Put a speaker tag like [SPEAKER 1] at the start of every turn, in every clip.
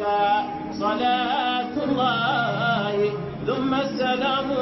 [SPEAKER 1] عليك صلاة الله ثم السلام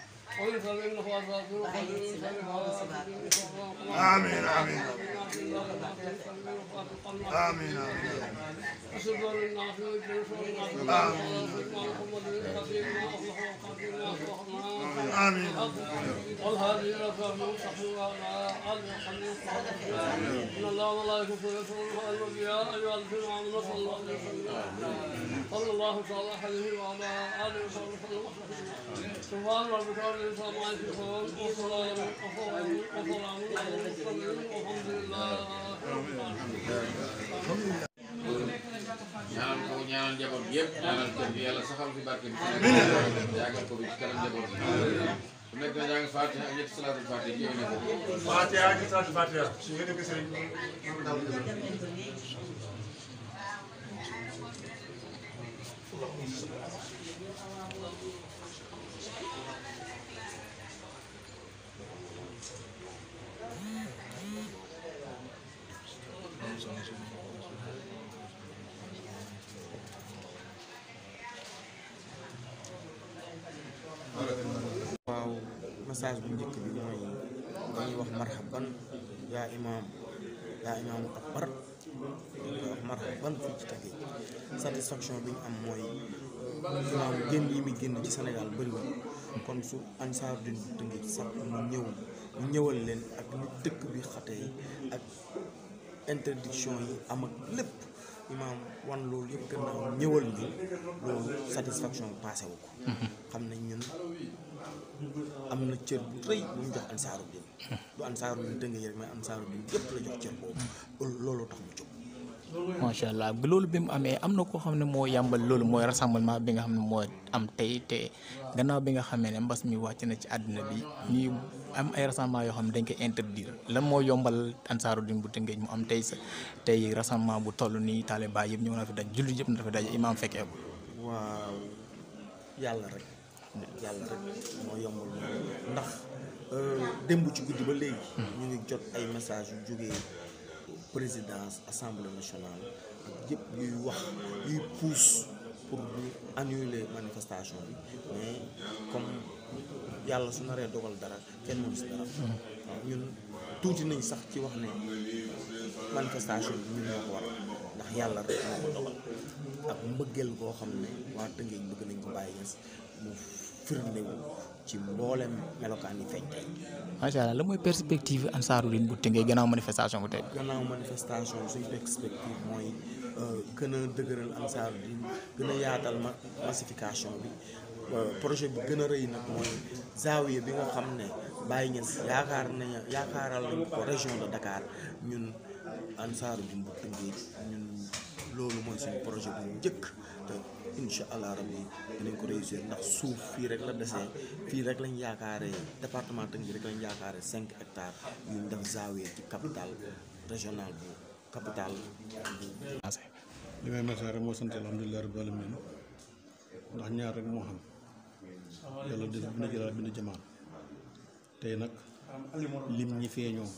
[SPEAKER 2] آمين آمين آمين آمين والهادي إلى صراط مستقيم وعلى آله وصحبه وسلم إن الله وملائكته يصلون على النبي يا أيها الذين آمنوا صلوا عليه وسلموا صلى الله تعالى عليه وعلى آله وصحبه وسلم سبحان ربك رب العزة عما يصفون وسلام وسلام على المرسلين والحمد لله ñaanal ko ñaanal njaboot yëpp ñaanal kër gi yàlla saxal fi barke bi yàggal ko bi ci kanam njaboot bu nekk na jàng Fatiha ak ñetti salaatul Fatiha ci yow ne ko Fatiha ak ñetti salaatul Fatiha su ngeen ko sëriñ waaw message bu njëkk bi mooy wax marhaban yaa imaam akbar man ban fi ci tàggee satisfaction bi ñu am mooy maam génn yi mi génn ci Sénégal bëriwul kon su Ansaarud-Din bu Tëngéej sax mu ñëw mu ñëwal leen ak ñu dëkk bi xatee ak interdiction yi am ak lépp imaam wan loolu yëpp gannaaw ñëwal ñu loolu satisfaction passé wu ko xam nañ ñun am na cër bu rëy bu ñu jox Ansaarud-Din du Ansaarud-Din yëpp la jox cër boobu loolu tax mu jóg macha allah loolu bi mu amee am na koo xam ne moo yàmbal loolu mooy rassemblement bi nga xam ne mooy am tey te gannaaw bi nga xamee ne mbas mi wàcc na ci àddina bi nii am ay rassemblement yoo xam ne dañ koy interdire lan moo yombal ansaaru din bu tëngéej mu am tey sa tey rassemblement bu toll nii taaliba yëpp ñëw na fi daj julli yëpp na fi daj imaam fekkee ko. waaw yàlla rek. moo yombal ndax euh, démb ci guddi ba léegi. Hmm. ñu ngi jot ay message yu jógee. présidence assemblée nationale ak yëpp yuy wax yuy pousse pour ñu annuler manifestation bi mais comme yàlla su naree dogal dara kenn mënu si dara mm-hmm. waaw ñun tuuti nañ sax ci wax ne
[SPEAKER 3] manifestation bi ñun ñoo ko war ndax yàlla rek moo ko dogal
[SPEAKER 2] ak mbëggeel boo xam ne waa Tëngéej bëgg nañ ko bàyyi mu firndewu ci mboolem melokaan yi feeñ tey. macha la mooy perspective Ansaarud-Din bu Tëngéej gannaaw manifestation bu tey. gannaaw manifestation suñ perspective mooy euh, gën a dëgëral Ansaarud-Din gën a yaatal ma massification bi euh, projet bi gën a rëy nag mooy zaawiya bi nga xam ne bàyyi Niass yaakaar nañu yaakaaral ko région de Dakar ñun Ansaarud-Din bu Tëngéej ñun loolu mooy suñu projet bu njëkk te. incha allah rabbi dinañ ko réussir ndax suuf fii rek la desee fii rek lañ yaakaaree département Tëngéej rek lañ yaakaaree cinq hectares yu ñu def zaawee ci capitale régionale bu capitale li may message rek moo sant alhamdulilah rabbil alamin ndax ñaar rek moo xam
[SPEAKER 3] yàlla def bi na jëlaat na jamaan tey nag lim ñi feeñoo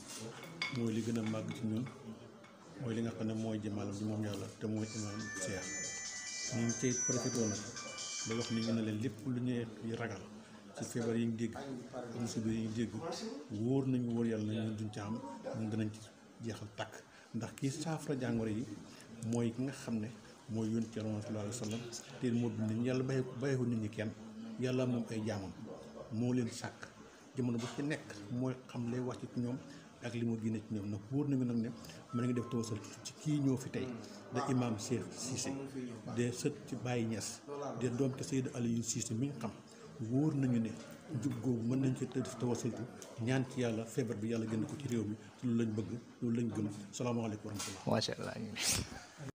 [SPEAKER 3] mooy li gën a màgg ci ñun mooy li nga xam ne mooy jëmaalam ji moom yàlla te mooy imaam Cheikh ñu ngi cay profitoo nag ba wax ni ñu ne leen lépp lu ñuy ragal ci feebar yi ñu dégg ak musiba yi ñu dégg wóor nañu wóor yàlla na ñun duñ ci am ñun danañ ci jeexal tàkk ndax kii saafara jàngoro yi mooy ki nga xam ne mooy yónni ci Yàlla sallallahu alayhi te moo bind nit ñi yàlla bàyyi bàyyiwul nit ñi kenn yàlla moom ay jaamam
[SPEAKER 2] moo leen sàkk jamono bu ci nekk mooy xam lay wàcc ci ñoom ak li mu génne ci ñoom nag
[SPEAKER 3] wóor na mi nag ne mën nga def tawassul ci kii ñëw fi tey mm. da imam Cheikh Cissé de sët ci Baye Niass de doom te Seydou Aliou Cissé mi ñu xam wóor nañu ne jub googu mën nañ ci def tawassul ñaan ci yàlla feebar bi yàlla génn ko ci réew mi ci loolu lañ bëgg loolu lañ gëm salaamaaleykum wa rahmatullah macha allah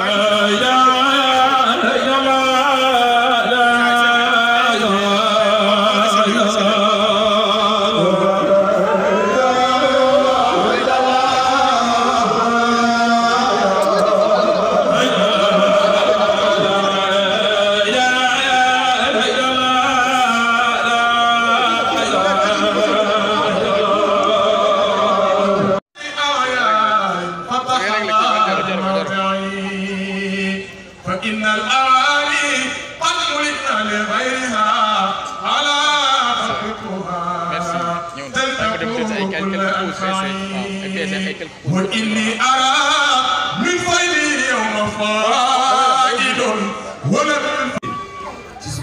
[SPEAKER 1] لا إله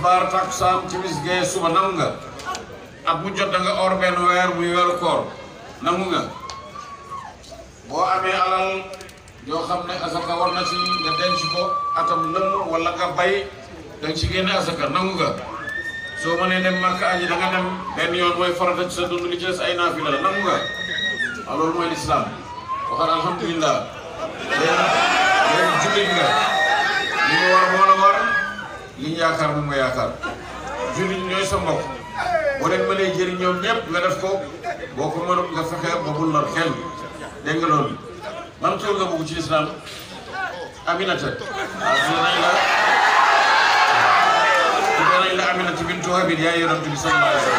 [SPEAKER 3] tisbaar takkusaan timis gee suba nangu nga ak bu jot danga nga or benn weer muy weeru koor nangu nga boo amee alal yoo xam ne asaka war na ci nga denc ko atam lëmm wala nga bay danga ci génne asaka nangu nga soo mënee dem màkk aji da nga dem benn yoon mooy farata ci sa dund li ci des ay naafila la nangu nga waaw mooy lislaam waxal alhamdulillah léegi jullit nga li la war li ñu yaakaar moom nga yaakaar jullit ñooy sa mbokk boo leen mënee jëriñ ñoom ñëpp nga def boo ko mënul nga fexe ba bul lor kenn nga loolu man tur nga bëgg ci islam Aminata waaw tuddee nañ la tuddee nañ la Aminata bintu Habib yaay bi sallallahu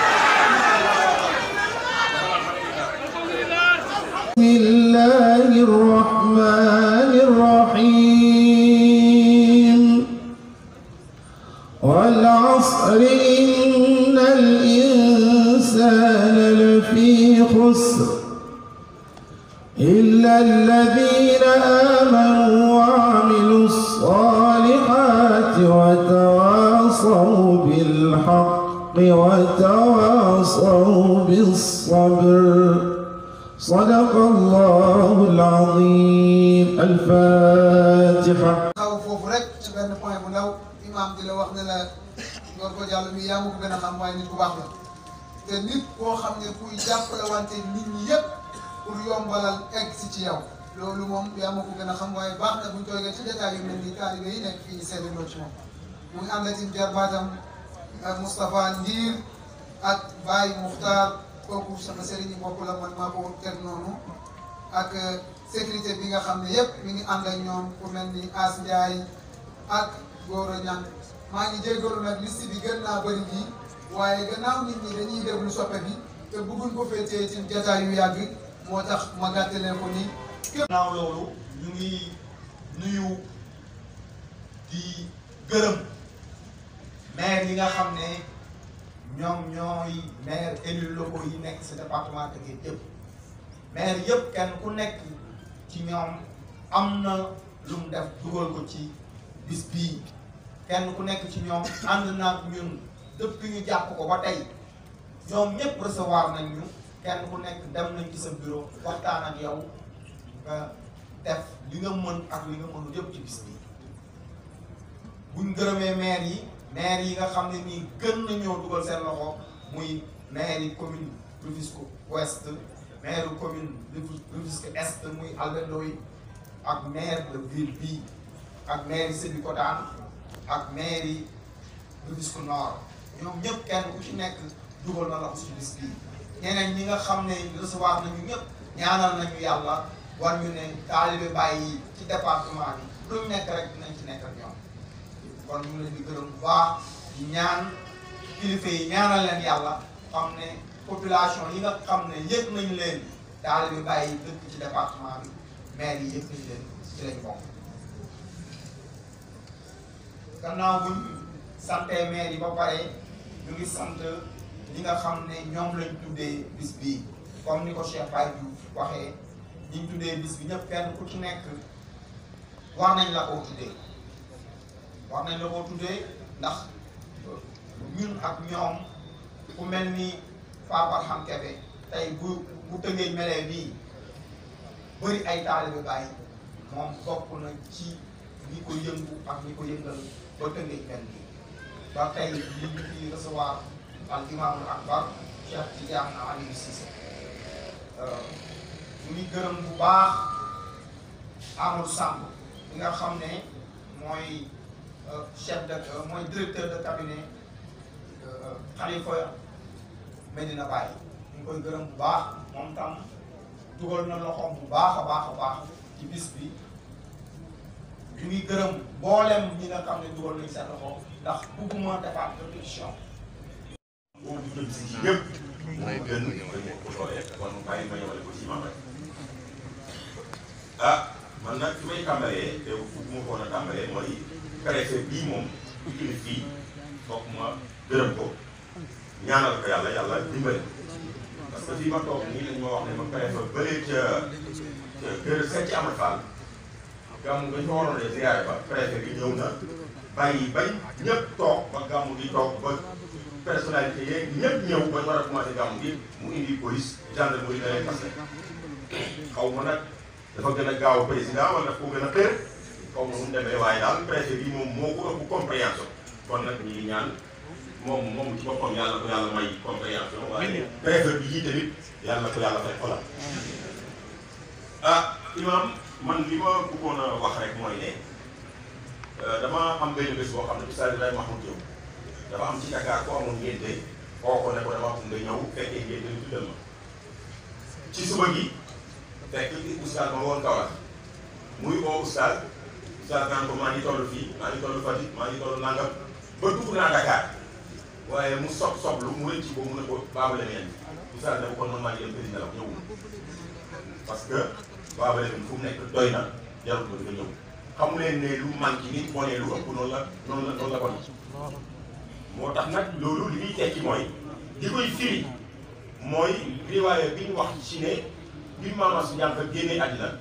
[SPEAKER 3] الحق وتواصوا بالصبر صدق الله العظيم الفاتحة xaw foofu rek ci
[SPEAKER 1] benn point bu ndaw imaam di la wax ne la door ko jàll mi yaa ma ko gën a xam waaye nit ku baax la te nit koo xam ne kuy jàppale wante nit ñi yépp pour yombalal egg si ci yow loolu moom yaa ma ko gën a xam waaye baax na buñ toogee ci détail yu mel ni taalibe yi nekk fii ñu seede loolu ci moom mu ngi ànd ak jarbaataam ak Moustapha Ndiir ak Baye Moukhtar kooku sama sëriñ bopp la man maa ko teg noonu ak euh, sécurité bi nga xam ne yëpp mi ngi ànd ak ñoom ku mel ni As Ndiaye ak Gora maa ngi jégalu nag liste bi gën naa bëri bii waaye gannaaw nit ñi dañuy déglu soppe bi te bëgguñ ko féetee ci jataay yu yàgg moo tax ma gàttalee ko nii. gannaaw loolu ñu ngi nuyu di gërëm. maire yi nga xam ne ñoom ñooy maire élus locaux yi nekk si département Tëngéej yëpp maire yëpp kenn ku nekk ci ñoom am na lu mu def dugal ko ci bis bii kenn ku nekk ci ñoom ànd na ak ñun depuis ñu jàpp ko ba tey ñoom ñëpp resevoir nañ ñu kenn ku nekk dem nañ ci sa bureau waxtaan ak yow nga def li nga mën ak li nga mënul yëpp ci bis bii buñ gërëmee maire yi. maire yi nga xam ne nii gën na ñëw dugal seen loxo muy maire yi commune Rufisque Ouest maire yu commune Rufisque Est muy Albert Ndoye ak maire de ville bii ak maire yi Sébikotane ak maire yi Rufisque Nord ñoom ñëpp kenn ku ci nekk dugal na loxo ci bis ñeneen ñi nga xam ne recevoir nañu ñëpp ñaanal nañu yàlla war ñu ne taalibe bàyyi ci département bi lu ñu nekk rek dinañ ci nekk ñoom kon ñu ngi leen di gërëm bu ñaan kilifa yi ñaanal leen yàlla xam ne population yi nga xam ne yëg nañ leen daal bi bàyyi dëkk ci département bi maire yi yëg nañ leen ci lañ bokk. gannaaw buñ sante maire yi ba pare ñu ngi sant ñi nga xam ne ñoom lañ tuddee bis bi comme ni ko Cheikh Baye Diouf waxee ñi ñu tuddee bis bi ñëpp kenn ku ci nekk war nañ la koo tuddee. war nañ la koo tuddee ndax euh, ñun ak ñoom ku mel ni Fapal xam Kébé tey bu bu tëngee melee bii bëri ay taalibe bàyyi moom bokk na ci ñi ko yëngu ak ñi ko yëngal ba tëngee mel bi ba tey li ñu fi recevoir al imaamul akbar Cheikh Tidiane Aliou Cissé euh, ñu ngi gërëm bu baax amul sàmm bi nga xam ne mooy Euh, chef de euh, mooy directeur de cabinet euh, Khalifa Medina Baye ñu koy gërëm baax mom tam dugal na loxoom bu baax a baax a baax ci bis bi ñu ngi gërëm mboolem ñi nga xam ne dugal nañ seen loxo ndax bugguma defaat répétition boo dugal si yëpp moo gën ko loolee kon bàyyi ma ñëwale ko ci imam rek
[SPEAKER 3] ah man na fi may tàmbalee te bugguma koon a tàmbalee mooy préfet bii moom Pikine fii foog ma gërëm ko ñaanal ko yàlla yàlla dimbali parce que fii ma toog nii lañ ma wax ne ma préfet bële ca ca kër sëñ ci Amadou Fall gàmmu dañ fa waroon a ziyaare ba préfet bi ñëw na bàyyi bañ ñëpp toog ba gàmmu gi toog ba personnalité yeeg ñëpp ñëw ba ñu war a commencé gàmmu gi mu indi police gendarmerie da lay passé xaw ma nag dafa gën a gaaw président wala dafa ko gën a xër xaw ma mu demee waaye daal préfet bi moom moo ko ëpp compréhension kon nag ñu ngi moom moom ci boppam yàlla ko yàlla may compréhension waaye préfet bi yii tamit ko yàlla fay ah imam man li ma bëggoon a wax rek mooy ne euh, dama am benn bés boo xam ne Oustaz Ibrahima Mahmoud Diop dafa am ci Dakar ko amoon ngénte koo ko ne ko dama bëgg nga ñëw fekkee ngénte bi tuddal ma ci suba gi fekk Oustaz ma woon Kaolack muy oo Oustaz saa naan ko maa ngi toll fii maa ngi toll Fatick maa ngi toll Nangam ba dugg mu sob sob lu mu rëcc ba mu ne ko Baba Lemeen bi saa ne ko kon man maa ngi dem këriñ nelaw ñëwul parce que Baba Lemeen fu mu nekk doy na jarul ko dafa ñëw xamu leen ne lu manqué nit boo nee lu ëpp noonu la noonu moo tax nag loolu li muy tekki mooy li koy firi mooy riwaaye bi ñu wax ci ne bi maam su ñàkk génnee àddina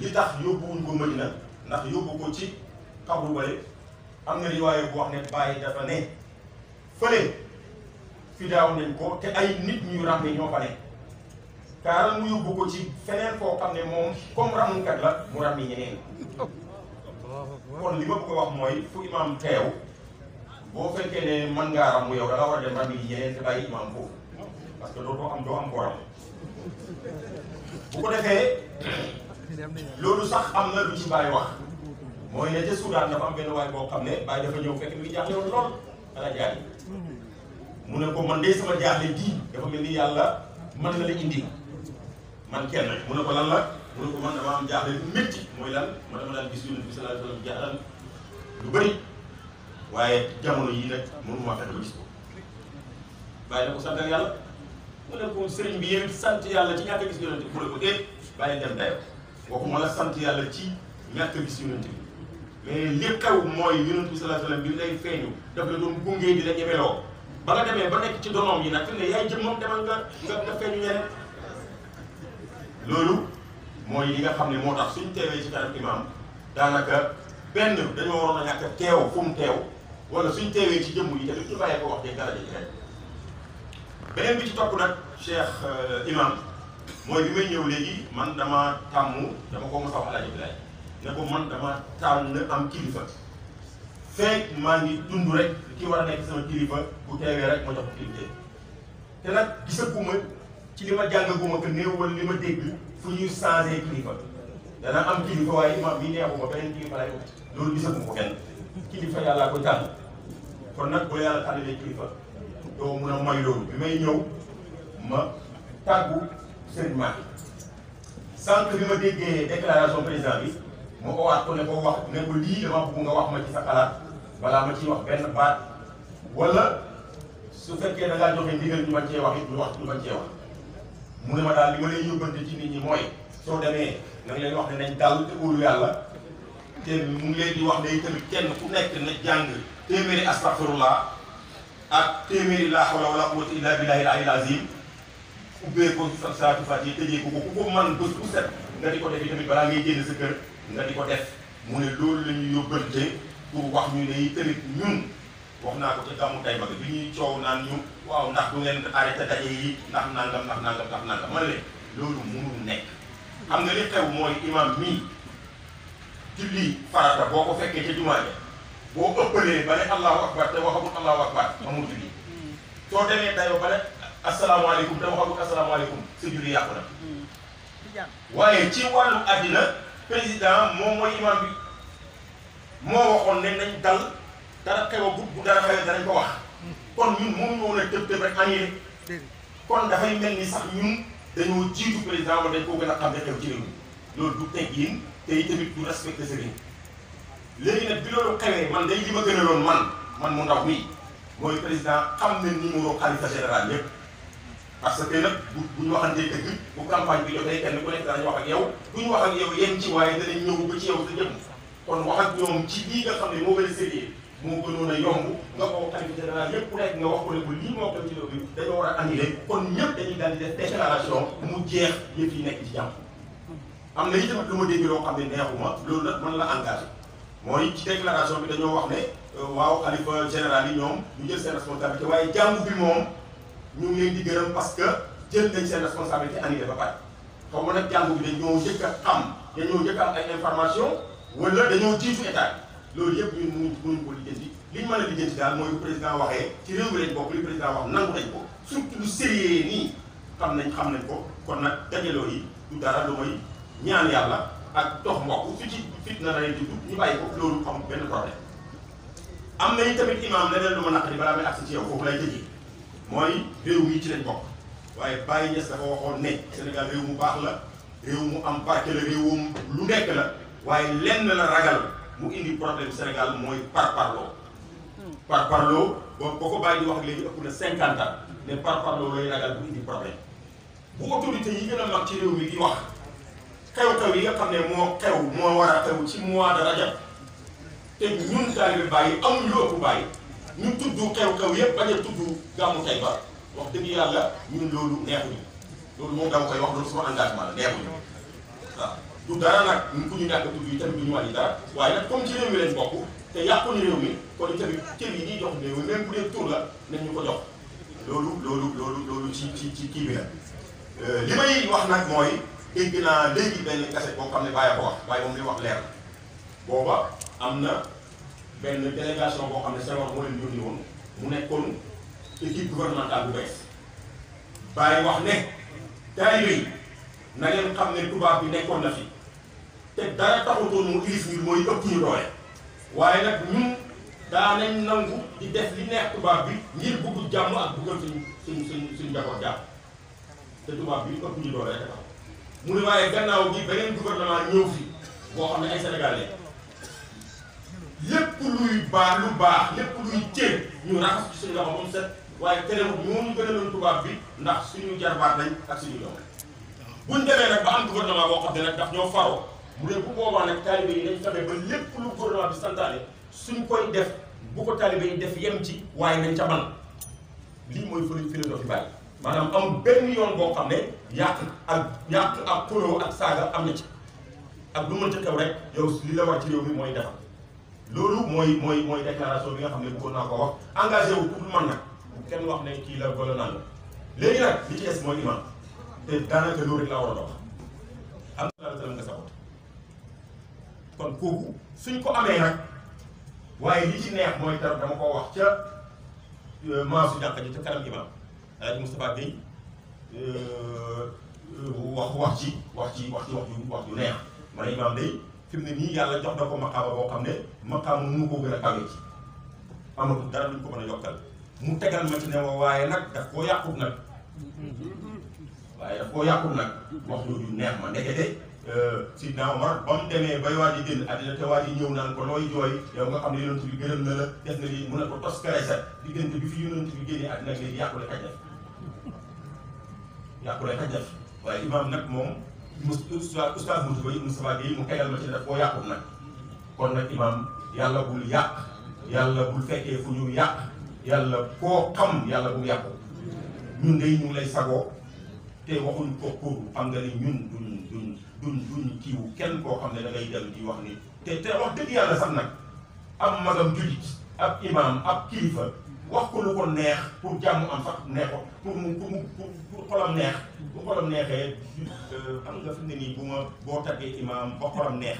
[SPEAKER 3] li tax yóbbuwuñ ko Madina ndax yóbbu ko ci xabru bale am na riwaaye bu wax ne bàyyi dafa ne fële fi daaw nañ ko te ay nit ñuy ràmme ñoo fa ne kaaral mu yóbbu ko ci feneen koo xam ne moom comme ràmmkat la mu ràmmi ñeneen kon li ma bëgg a wax mooy fu imaam teew boo fekkee ne mën ngaa ràmm yow da war a dem ràmmi yi ñeneen te bàyyi imaam foofu parce que doo doo am doo am boram bu ko loolu sax am na lu ci wax mooy ne ca Soudan dafa am benn waay boo xam ne Baye dafa ñëw fekk mi ngi jaaxle woon lool dana jaay mu ne ko man de sama jaaxle ji dafa mel ni yàlla mën na la indi man kenn mu ne ko lan la mu ne ko man dama am jaaxle lu métti mooy lan ma dama daan gis waaye jamono yii nag mënuma bàyyi na ko sant yàlla mu ne ko sëriñ bi yéen sant yàlla ci ñàkk a gis ne ko déet bàyyi dem dayoo. waxuma la sant yàlla ci ñàkk a gis yonent bi mais li xew mooy yonent bi te alayhi wasallam bi lay feeñu daf la doon la ñemeloo demee ba ci donoom yi nag fi ne yaay jëm moom demal nga nga nga feeñu ñeneen loolu mooy li nga xam ne moo tax suñ teewee ci kanam imaam daanaka benn dañoo waroon a ñàkk a teew fu teew wala suñ teewee ci jëmm yi te lu ñu bàyyee ko wax dee dara ji beneen bi ci topp nag cheikh euh, imam mooy bi may ñëw léegi man dama tàmm dama ko mos a wax El Hadj ko man dama tànn am kilifa feeg maa ngi dund rek ki war a nekk sama kilifa bu teewee rek ma jox kilifa te nag li ma jàngaguma que am kilifa waaye imam bi neexuma beneen kilifa lay wut loolu gisaguma ko kenn kilifa yàllaa ko tànn kon nag boo yàlla tànnalee kilifa doo mun a moy loolu bi may ñëw ma tàggu. sëriñ Malick sànq bi ma déggee déclaration président bi ma ko waat ko ne ko wax ne lii dama bëgg nga wax ma ci sa xalaat balaa ma ciy wax benn baat wala su fekkee da ngaa joxe ndigal ñu bañ cee wax it ñu wax wax mu ne ma daal li ma lay yóbbante ci nit ñi mooy soo demee na leen wax ne nañ dal te óolu yàlla te mu leen di wax day tamit kenn ku nekk na jàng téeméeri astaghfirullah ak téeméeri laa hawla wala quwwata illa billahi al aliyyil azim ubbee ko sa saatu faat yi tëjee ko ko ku ko man bu set nga di ko def tamit balaa ngay génn sa kër nga di ko def mu ne loolu la ñu yóbbante pour wax ñu ne tamit ñun wax naa ko ca gàmmu tay mag bi ñuy coow naan ñu waaw ndax du ngeen arrêté daje yi ndax nangam ndax nangam ndax nangam man leen loolu mënul nekk xam nga li xew mooy imam mii julli farata boo ko fekkee ca jumaa ja boo ëppalee ba ne allahu akbar te waxamul allahu akbar amul julli mm. soo asalaamaaleykum dama xamul asalaamaaleykum sa julli yàqu na. waaye ci wàllu àddina président moo mooy imam bi moo waxoon ne nañ dal dara xewagut bu dara xewee danañ ko wax. kon ñun moom ñoo a tëb tëb rek annulé. président wala dañ koo gën a xam ne xew ci réew mi loolu du teggin tey tamit du respecté sëriñ léegi nag bi loolu xewee man day li ma gën a loon man man mu ndaw mii mooy président xam ne numéro xalifa général yépp parce que nag bu bu ñu waxantee dëgg bu campagne bi jotee kenn ku nekk danañ wax ak yow bu ñu wax ak yow ci waaye danañ ñëw ba ci yow sa jëm kon wax ak ci lii nga xam ne moo gën a sérieux moo gënoon a yomb nga ko invité danaa yëpp nekk nga wax ko ne ko lii moo ko ci réew bi dañoo war a kon ñëpp dañuy daal di def déclaration mu jeex yëpp yi nekk ci jàmm. am na itam lu ma dégg wax ne euh, waaw xalifa général yi ñoom ñu jël seen responsabilité waaye ñu ngi leen di gërëm parce que jël nañ seen responsabilité annulé ba pare xaw ma nag jàng bi ñoo njëkk a xam dañoo njëkk a ay information wala dañoo jiitu état loolu yëpp ñun mënuñ mënuñ ko lijjanti li ñu mën a lijjanti daal mooy président waxee ci réew mi lañ bokk li président wax nangu nañ ko surtout lu sérieux nii xam nañ xam nañ ko kon nag dajaloo yi du dara lu mooy ñaan yàlla ak dox mbokk fi ci fitna na lay dund ñu bàyyi ko loolu xam benn problème am nañ leneen lu ma naqari balaa mooy réew mi ci lañ bokk waaye Baye Niass dafa waxoon ne Sénégal réew mu baax la réew mu am barke la mu lu nekk la waaye len la ragal mu indi problème Sénégal mooy par parloo par parloo boobu boo ko bàyyi di wax léegi ëpp na cinquante ans ne par parloo lay ragal mu indi problème bu autorité yi nga a mag ci réew mi di wax xew-xew yi nga xam ne moo xew moo war a xew ci mois de rajab te ñun taalibe Baye amuñ lu ëpp Baye ñu tudd xew-xew yëpp bañ a tudd gàmmu tey ba wax dëgg yàlla ñun loolu neexuñu loolu moom dama wax loolu sama engagement la neexuñu waaw du dara nag ñu ku ñu ñàkk a tudd yi tamit du ñu wàññi dara waaye nag comme ci réew te yàqu ni réew mi kon tamit cër yi ñuy jox réew mi même bu dee tur la nañ ñu ko jox loolu loolu loolu loolu ci ci ci kii bi la euh, li may wax nag mooy dégg naa léegi benn kaset boo xam ne bàyyi ko wax waaye moom li wax leer na am na benn délégation boo xam ne Senghor moo leen yónni woon mu nekkoon équipe gouvernementale bu bees bàyyi wax ne taalibe yi na ngeen xam ne tubaab bi nekkoon na fi te dara taxutoon mu iris ngir mooy ëpp ñu doole waaye nag ñun daa nañ nangu di def li neex tubaab bi ngir bugg jàmm ak buggal suñ suñ suñ suñ njaboot jàpp te tubaab bi ëpp ñu doole rek tax mu ne waaye gannaaw bi beneen gouvernement ñëw fi boo xam ne ay sénégalais lépp luy baax lu baax lépp luy ceeb ñu raxas ci suñu loxo moom set waaye terewul moo ñu gën a mën tubaab bi ndax suñu jarbaat lañ ak suñu doom buñ demee nag am gouvernement boo xam ne nag ñoo faroo mu ne bu boobaa nag taalibe yi dañ ba lépp lu gouvernement bi santaane suñ koy def bu ko taalibe yi def yem ci waaye nañ ca man lii mooy fële fële doo fi bàyyi maanaam am benn yoon boo xam ne yàq ak yàq ak xuloo ak saaga am na ci ak lu mën ca kaw rek yow li la war ci réew mooy defar loolu mooy mooy mooy déclaration bi nga xam ne bëggoon naa ko wax engagé wu pour man nag kenn wax ne kii la wala naan la léegi nag li ci mooy imam te daanaka loolu rek laa war a wax am na nga saxoon kon kooku suñ ko amee nag waaye li ci neex mooy tar dama ko wax ca euh, maasu jànq ji ca kanam imam Alaaji Moustapha Gueye euh, euh, wax wax ci wax ci wax ci wax ju wax ju neex ma ne imam day fi mu ne nii yàlla jox na ko maqaama boo xam ne maqaama mënu ko gën a kawe ci ko mën a yokkal mu tegal ma ci ne ma waaye nag daf koo yàqut nag waaye daf koo yàqut nag wax jooju neex ma ndekete euh, Sidna Omar ba mu demee bay waaj a génn àddina te waaj a ñëw naan ko looy jooy yow nga xam ne yonent bi gërëm na la fi yonent bi génnee àddina léegi nag moom oustaz oustaz Moussa Gueye Moussa Gueye mu tegal ma ci daf koo yàqu nag kon nag imam yàlla bul yàq yàlla bul fekkee fu ñu yàq yàlla koo xam yàlla bul yàqu ñun day ñu ngi lay sagoo te waxuñ ko pour xam nga ni ñun duñ duñ duñ duñ kiiwu kenn koo xam ne da dem di wax ni te te wax dëgg yàlla sax nag am magam julit ab imam ab kilifa wax ko lu ko neex pour jàmm am sax neex ko pour mu pour mu pour xolam neex bu xolam euh, nga fi mu nii bu ma boo taggee imaam ba xolam neex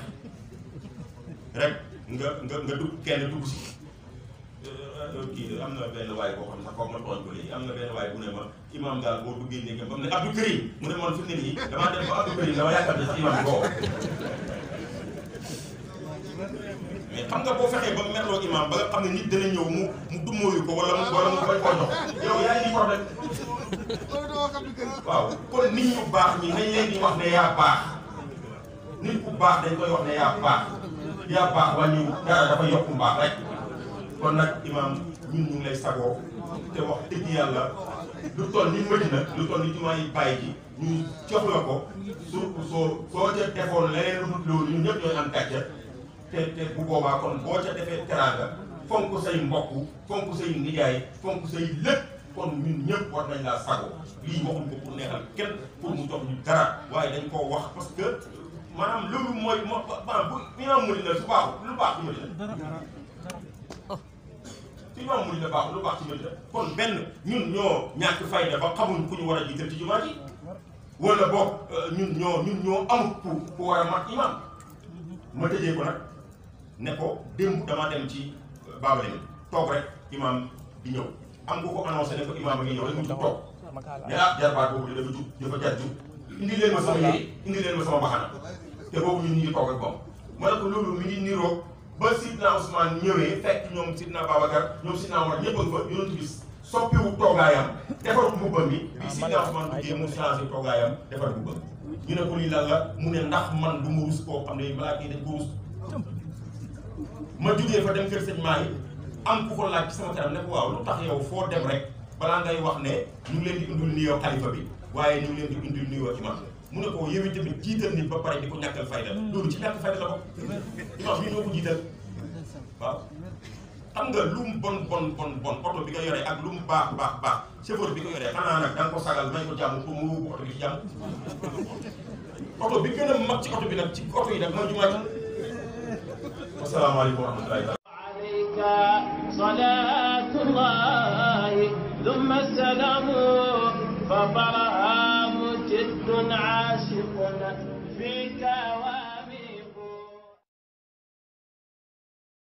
[SPEAKER 3] rek nga nga nga dugg kenn dugg si euh, kii am na benn waay boo xam ne sax kooku ma tooñ ko léegi am na benn waay bu ne ma imaam daal boo duggee néegam ba mu ne Abdou Karim mu ne man fi mu ne nii damaa dem ba Abdou Karim dama yaakaar ne sax imaam bi ko mais xam nga boo fexee ba merloo imaam ba nga xam ne nit dana ñëw mu mu dummóoyu ko wala mu wala mu koy ko jox yow yaa ngi ko rek waaw kon nit ñu baax ñi nañ leen di wax ne yaa baax nit ku baax dañ koy wax baax yaa baax wàññiwul dara dafa yokk mbaax rek kon nag ñu lay sagoo te wax dëgg yàlla lu toll ni mëj na lu toll ni jumaa yi bàyyi ji ñu jox la ko su soo soo ca defoon leneen lu loolu ñun ñëpp ñooy am gàcce te te bu boobaa kon boo ca defee teraanga fonk say mbokk fonk say nijaay fonk say lépp kon ñun ñëpp war nañ laa sago lii waxuñ ko pour neexal kenn pour mu jox ñu dara waaye dañ koo wax parce que maanaam loolu mooy ma maanaam bu imaam mu la su baaxul lu baax ci ma dina ci imaam mu la baaxul lu baax ci ma dina kon benn ñun ñoo ñàkk fayda ba xamuñ ku ñu war a jiital ci jumaa ji wala boog euh, ñun ñoo ñun ñoo amut ku ku war a mat imaam ma tëjee ko nag ne ko démb damaa dem ci euh, Babalène toog rek imaam di ñëw am ku ko annoncé ne ko imaam ngi ñëw rek mu jug toog mais ah jarbaat boobu dafa jug dafa jar jug indi leen ma sama yëy indi leen sama baxana te boobu ñun ñu ngi toog ak moom ma ne ko loolu mi ngi niroo ba Sidna Ousmane ñëwee fekk ñoom Sidna Babacar ñoom Sidna Omar ñëpp a fa yonent bi soppiwu toogaayam defar mbubbam bi ah, bi Sidna Ousmane duggee mu changé toogaayam defar mbubbam ñu ne ko lii lan la mu ne ndax man du ma koo xam ne balaa kii dañ ko ma jugee fa dem kër sëñ maa yi am ku ko laaj ci sama kanam ne waaw lu tax yow foo dem rek balaa ngay wax ne ñu ngi leen di indul nuyoo xalifa bi waaye ñu ngi leen di indil nuyoo imam mu ne ko yow tamit jiital nit ba pare di ko ñàkkal fayda loolu ci ñàkk fayda la bokk imam bii xam nga lu mu bon bon bon bon oto bi nga yoree ak lu mu baax baax baax chauffeur bi ko yoree xanaa nag da nga ko sagal may ko jàmm pour mu wóobu oto bi ci jàmm oto bi gën a mag ci oto bi nag ci oto yi nag mooy jumaa ji wasalaamaaleykum wa rahmatulahi
[SPEAKER 2] taala